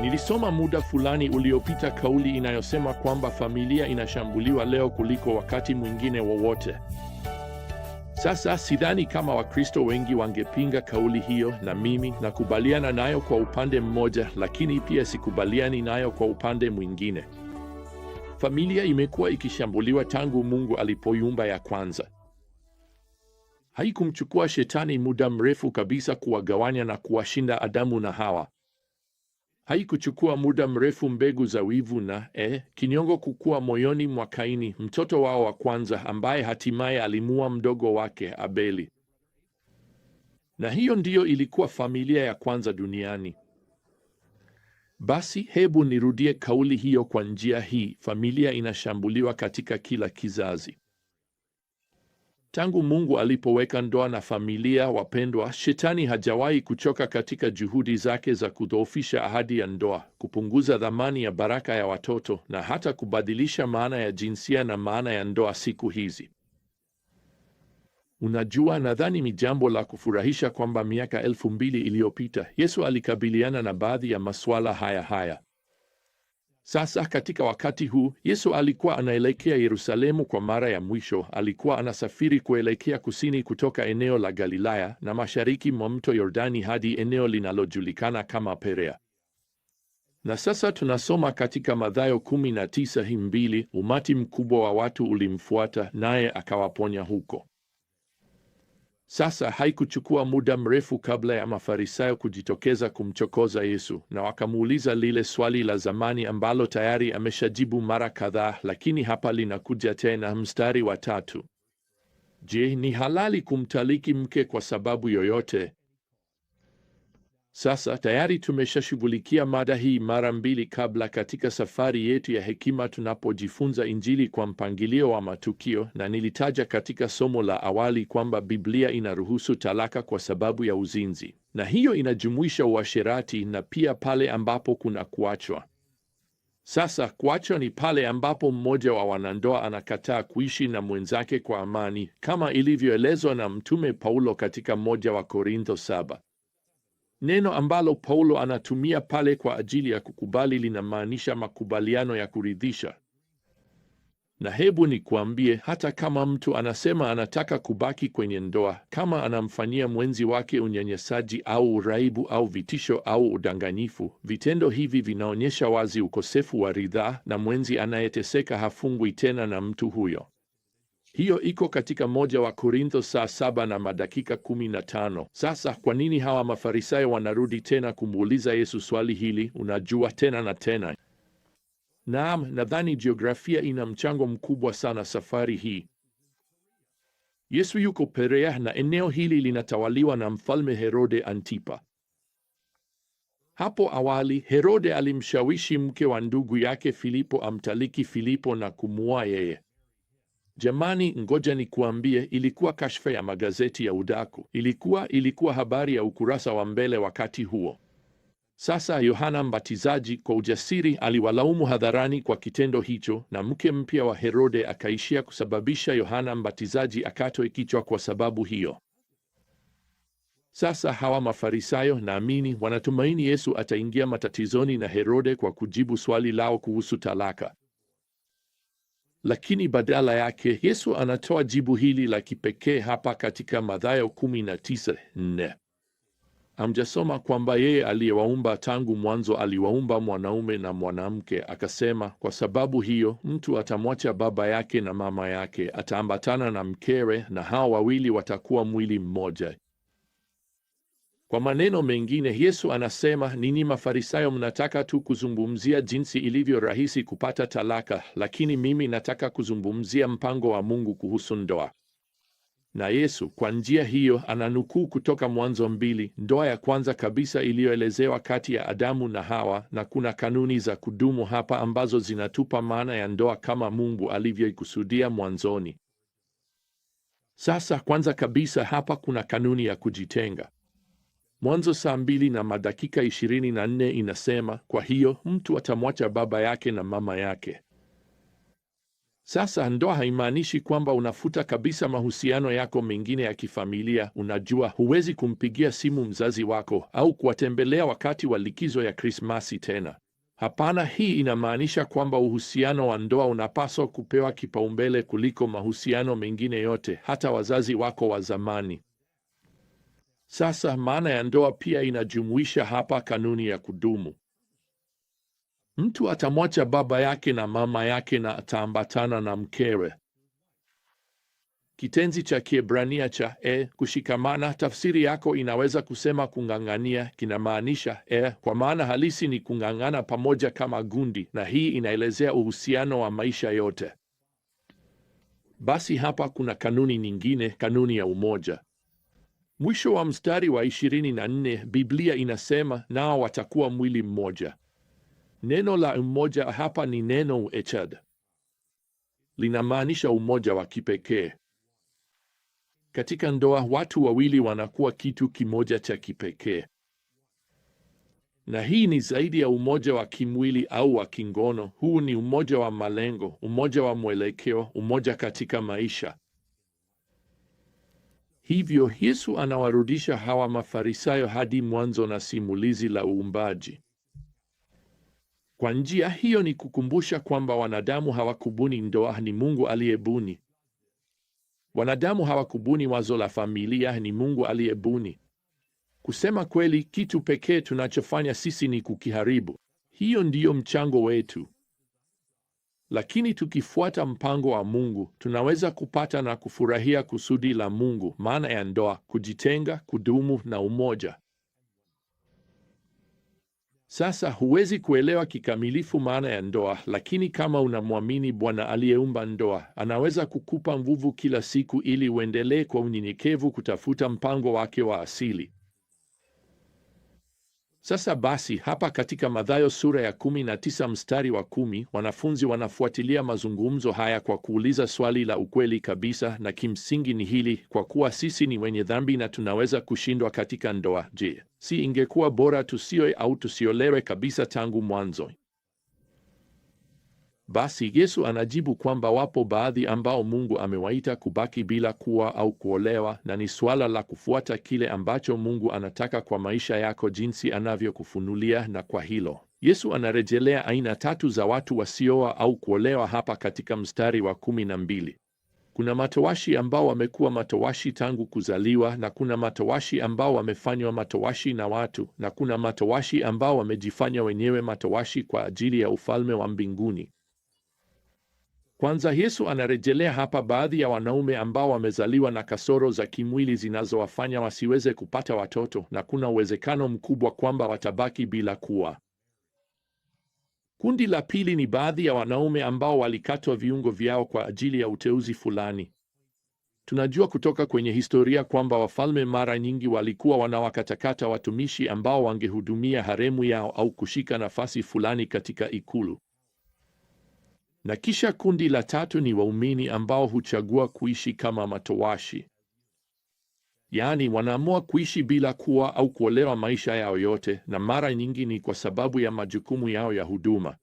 Nilisoma muda fulani uliopita kauli inayosema kwamba familia inashambuliwa leo kuliko wakati mwingine wowote sasa sidhani kama Wakristo wengi wangepinga kauli hiyo, na mimi nakubaliana nayo kwa upande mmoja, lakini pia sikubaliani nayo kwa upande mwingine. Familia imekuwa ikishambuliwa tangu Mungu alipoyumba ya kwanza. Haikumchukua shetani muda mrefu kabisa kuwagawanya na kuwashinda Adamu na Hawa. Haikuchukua muda mrefu mbegu za wivu na e, kinyongo kukua moyoni mwa Kaini, mtoto wao wa kwanza, ambaye hatimaye alimua mdogo wake Abeli. Na hiyo ndiyo ilikuwa familia ya kwanza duniani. Basi hebu nirudie kauli hiyo kwa njia hii: familia inashambuliwa katika kila kizazi. Tangu Mungu alipoweka ndoa na familia, wapendwa, shetani hajawahi kuchoka katika juhudi zake za kudhoofisha ahadi ya ndoa, kupunguza dhamani ya baraka ya watoto na hata kubadilisha maana ya jinsia na maana ya ndoa siku hizi. Unajua, nadhani ni jambo la kufurahisha kwamba miaka elfu mbili iliyopita Yesu alikabiliana na baadhi ya masuala haya haya. Sasa katika wakati huu Yesu alikuwa anaelekea Yerusalemu kwa mara ya mwisho. Alikuwa anasafiri kuelekea kusini kutoka eneo la Galilaya na mashariki mwa mto Yordani hadi eneo linalojulikana kama Perea. Na sasa tunasoma katika Mathayo 19:2, umati mkubwa wa watu ulimfuata naye akawaponya huko. Sasa haikuchukua muda mrefu kabla ya Mafarisayo kujitokeza kumchokoza Yesu na wakamuuliza lile swali la zamani ambalo tayari ameshajibu mara kadhaa, lakini hapa linakuja tena, mstari wa tatu: Je, ni halali kumtaliki mke kwa sababu yoyote? Sasa tayari tumeshashughulikia mada hii mara mbili kabla katika safari yetu ya hekima tunapojifunza Injili kwa mpangilio wa matukio, na nilitaja katika somo la awali kwamba Biblia inaruhusu talaka kwa sababu ya uzinzi, na hiyo inajumuisha uasherati na pia pale ambapo kuna kuachwa. Sasa kuachwa ni pale ambapo mmoja wa wanandoa anakataa kuishi na mwenzake kwa amani, kama ilivyoelezwa na Mtume Paulo katika mmoja wa Korintho saba. Neno ambalo Paulo anatumia pale kwa ajili ya kukubali linamaanisha makubaliano ya kuridhisha. Na hebu nikuambie, hata kama mtu anasema anataka kubaki kwenye ndoa, kama anamfanyia mwenzi wake unyanyasaji au uraibu au vitisho au udanganyifu, vitendo hivi vinaonyesha wazi ukosefu wa ridhaa, na mwenzi anayeteseka hafungwi tena na mtu huyo. Hiyo iko katika moja wa Korintho saa saba na madakika kumi na tano. Sasa kwa nini hawa Mafarisayo wanarudi tena kumuuliza Yesu swali hili, unajua, tena na tena? Naam, nadhani jiografia ina mchango mkubwa sana safari hii. Yesu yuko Perea na eneo hili linatawaliwa na Mfalme Herode Antipa. Hapo awali Herode alimshawishi mke wa ndugu yake Filipo amtaliki Filipo na kumua yeye. Jamani, ngoja nikuambie, ilikuwa kashfa ya magazeti ya udaku. Ilikuwa ilikuwa habari ya ukurasa wa mbele wakati huo. Sasa Yohana Mbatizaji kwa ujasiri aliwalaumu hadharani kwa kitendo hicho, na mke mpya wa Herode akaishia kusababisha Yohana Mbatizaji akatwe kichwa kwa sababu hiyo. Sasa hawa Mafarisayo naamini wanatumaini Yesu ataingia matatizoni na Herode kwa kujibu swali lao kuhusu talaka. Lakini badala yake Yesu anatoa jibu hili la kipekee hapa katika Mathayo 19 amjasoma kwamba yeye aliyewaumba tangu mwanzo aliwaumba mwanaume na mwanamke, akasema, kwa sababu hiyo mtu atamwacha baba yake na mama yake, ataambatana na mkewe, na hao wawili watakuwa mwili mmoja. Kwa maneno mengine, Yesu anasema nini Mafarisayo mnataka tu kuzungumzia jinsi ilivyo rahisi kupata talaka, lakini mimi nataka kuzungumzia mpango wa Mungu kuhusu ndoa. Na Yesu kwa njia hiyo ananukuu kutoka Mwanzo mbili, ndoa ya kwanza kabisa iliyoelezewa kati ya Adamu na Hawa, na kuna kanuni za kudumu hapa ambazo zinatupa maana ya ndoa kama Mungu alivyoikusudia mwanzoni. Sasa kwanza kabisa hapa kuna kanuni ya kujitenga. Mwanzo saa mbili na madakika ishirini na nne inasema, kwa hiyo mtu atamwacha baba yake na mama yake. Sasa ndoa haimaanishi kwamba unafuta kabisa mahusiano yako mengine ya kifamilia. Unajua, huwezi kumpigia simu mzazi wako au kuwatembelea wakati wa likizo ya Krismasi tena. Hapana, hii inamaanisha kwamba uhusiano wa ndoa unapaswa kupewa kipaumbele kuliko mahusiano mengine yote, hata wazazi wako wa zamani. Sasa maana ya ndoa pia inajumuisha hapa kanuni ya kudumu. Mtu atamwacha baba yake na mama yake na ataambatana na mkewe. Kitenzi cha Kiebrania cha e kushikamana, tafsiri yako inaweza kusema kung'ang'ania, kinamaanisha e, kwa maana halisi ni kung'ang'ana pamoja kama gundi, na hii inaelezea uhusiano wa maisha yote. Basi hapa kuna kanuni nyingine, kanuni ya umoja. Mwisho wa mstari wa ishirini na nne Biblia inasema nao watakuwa mwili mmoja. Neno la mmoja hapa ni neno echad, linamaanisha umoja wa kipekee. Katika ndoa watu wawili wanakuwa kitu kimoja cha kipekee, na hii ni zaidi ya umoja wa kimwili au wa kingono. Huu ni umoja wa malengo, umoja wa mwelekeo, umoja katika maisha. Hivyo Yesu anawarudisha hawa Mafarisayo hadi mwanzo na simulizi la uumbaji. Kwa njia hiyo ni kukumbusha kwamba wanadamu hawakubuni ndoa, ni Mungu aliyebuni. Wanadamu hawakubuni wazo la familia, ni Mungu aliyebuni. Kusema kweli, kitu pekee tunachofanya sisi ni kukiharibu. Hiyo ndiyo mchango wetu. Lakini tukifuata mpango wa Mungu tunaweza kupata na kufurahia kusudi la Mungu, maana ya ndoa, kujitenga, kudumu na umoja. Sasa huwezi kuelewa kikamilifu maana ya ndoa, lakini kama unamwamini Bwana aliyeumba ndoa, anaweza kukupa nguvu kila siku ili uendelee kwa unyenyekevu kutafuta mpango wake wa asili. Sasa basi, hapa katika Mathayo sura ya 19 mstari wa kumi, wanafunzi wanafuatilia mazungumzo haya kwa kuuliza swali la ukweli kabisa, na kimsingi ni hili: kwa kuwa sisi ni wenye dhambi na tunaweza kushindwa katika ndoa, je, si ingekuwa bora tusioe au tusiolewe kabisa tangu mwanzo? Basi Yesu anajibu kwamba wapo baadhi ambao Mungu amewaita kubaki bila kuwa au kuolewa, na ni suala la kufuata kile ambacho Mungu anataka kwa maisha yako, jinsi anavyokufunulia. Na kwa hilo Yesu anarejelea aina tatu za watu wasioa au kuolewa hapa katika mstari wa kumi na mbili. Kuna matowashi ambao wamekuwa matowashi tangu kuzaliwa, na kuna matowashi ambao wamefanywa matowashi na watu, na kuna matowashi ambao wamejifanya wenyewe matowashi kwa ajili ya ufalme wa mbinguni. Kwanza, Yesu anarejelea hapa baadhi ya wanaume ambao wamezaliwa na kasoro za kimwili zinazowafanya wasiweze kupata watoto, na kuna uwezekano mkubwa kwamba watabaki bila kuwa. Kundi la pili ni baadhi ya wanaume ambao walikatwa viungo vyao kwa ajili ya uteuzi fulani. Tunajua kutoka kwenye historia kwamba wafalme mara nyingi walikuwa wanawakatakata watumishi ambao wangehudumia haremu yao au kushika nafasi fulani katika ikulu. Na kisha kundi la tatu ni waumini ambao huchagua kuishi kama matowashi, yaani wanaamua kuishi bila kuwa au kuolewa maisha yao yote, na mara nyingi ni kwa sababu ya majukumu yao ya huduma.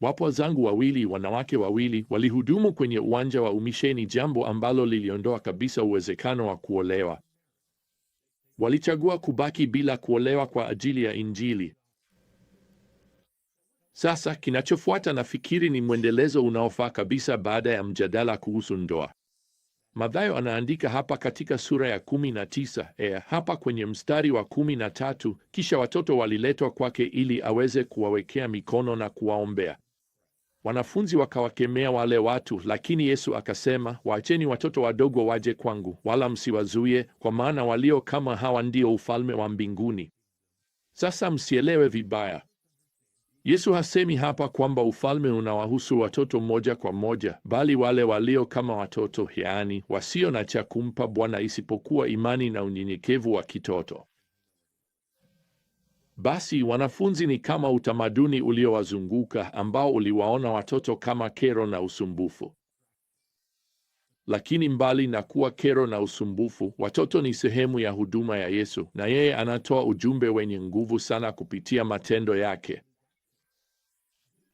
Wapo zangu wawili, wanawake wawili, walihudumu kwenye uwanja wa umisheni, jambo ambalo liliondoa kabisa uwezekano wa kuolewa. Walichagua kubaki bila kuolewa kwa ajili ya Injili. Sasa kinachofuata nafikiri ni mwendelezo unaofaa kabisa baada ya mjadala kuhusu ndoa. Mathayo anaandika hapa katika sura ya 19 na e, hapa kwenye mstari wa 13 kisha watoto waliletwa kwake ili aweze kuwawekea mikono na kuwaombea. Wanafunzi wakawakemea wale watu, lakini Yesu akasema, waacheni watoto wadogo waje kwangu, wala msiwazuie, kwa maana walio kama hawa ndio ufalme wa mbinguni. Sasa msielewe vibaya. Yesu hasemi hapa kwamba ufalme unawahusu watoto moja kwa moja, bali wale walio kama watoto, yaani wasio na cha kumpa Bwana isipokuwa imani na unyenyekevu wa kitoto. Basi wanafunzi ni kama utamaduni uliowazunguka ambao uliwaona watoto kama kero na usumbufu. Lakini mbali na kuwa kero na usumbufu, watoto ni sehemu ya huduma ya Yesu, na yeye anatoa ujumbe wenye nguvu sana kupitia matendo yake.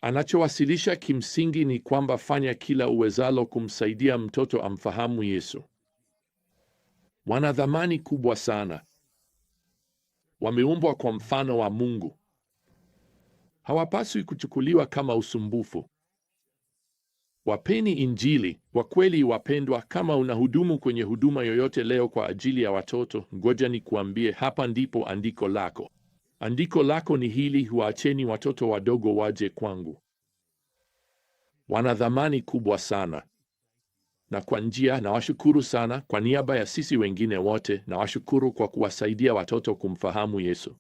Anachowasilisha kimsingi ni kwamba fanya kila uwezalo kumsaidia mtoto amfahamu Yesu. Wana dhamani kubwa sana. Wameumbwa kwa mfano wa Mungu. Hawapaswi kuchukuliwa kama usumbufu. Wapeni Injili kwa kweli, wapendwa. Kama unahudumu kwenye huduma yoyote leo kwa ajili ya watoto, ngoja nikuambie, hapa ndipo andiko lako. Andiko lako ni hili, huacheni watoto wadogo waje kwangu. Wana dhamani kubwa sana, na kwa njia, nawashukuru sana kwa niaba ya sisi wengine wote, nawashukuru kwa kuwasaidia watoto kumfahamu Yesu.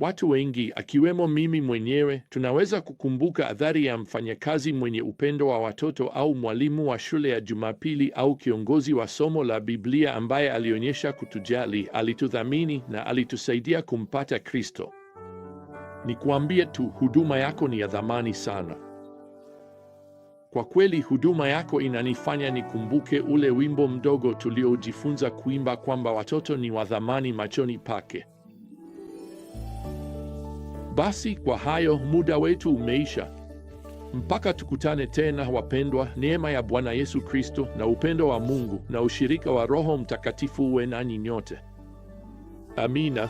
Watu wengi akiwemo mimi mwenyewe tunaweza kukumbuka athari ya mfanyakazi mwenye upendo wa watoto au mwalimu wa shule ya Jumapili au kiongozi wa somo la Biblia ambaye alionyesha kutujali, alitudhamini na alitusaidia kumpata Kristo. nikuambie tu, huduma yako ni ya dhamani sana. Kwa kweli, huduma yako inanifanya nikumbuke ule wimbo mdogo tuliojifunza kuimba kwamba watoto ni wa dhamani machoni pake. Basi kwa hayo muda wetu umeisha. Mpaka tukutane tena, wapendwa. Neema ya Bwana Yesu Kristo na upendo wa Mungu na ushirika wa Roho Mtakatifu uwe nanyi nyote. Amina.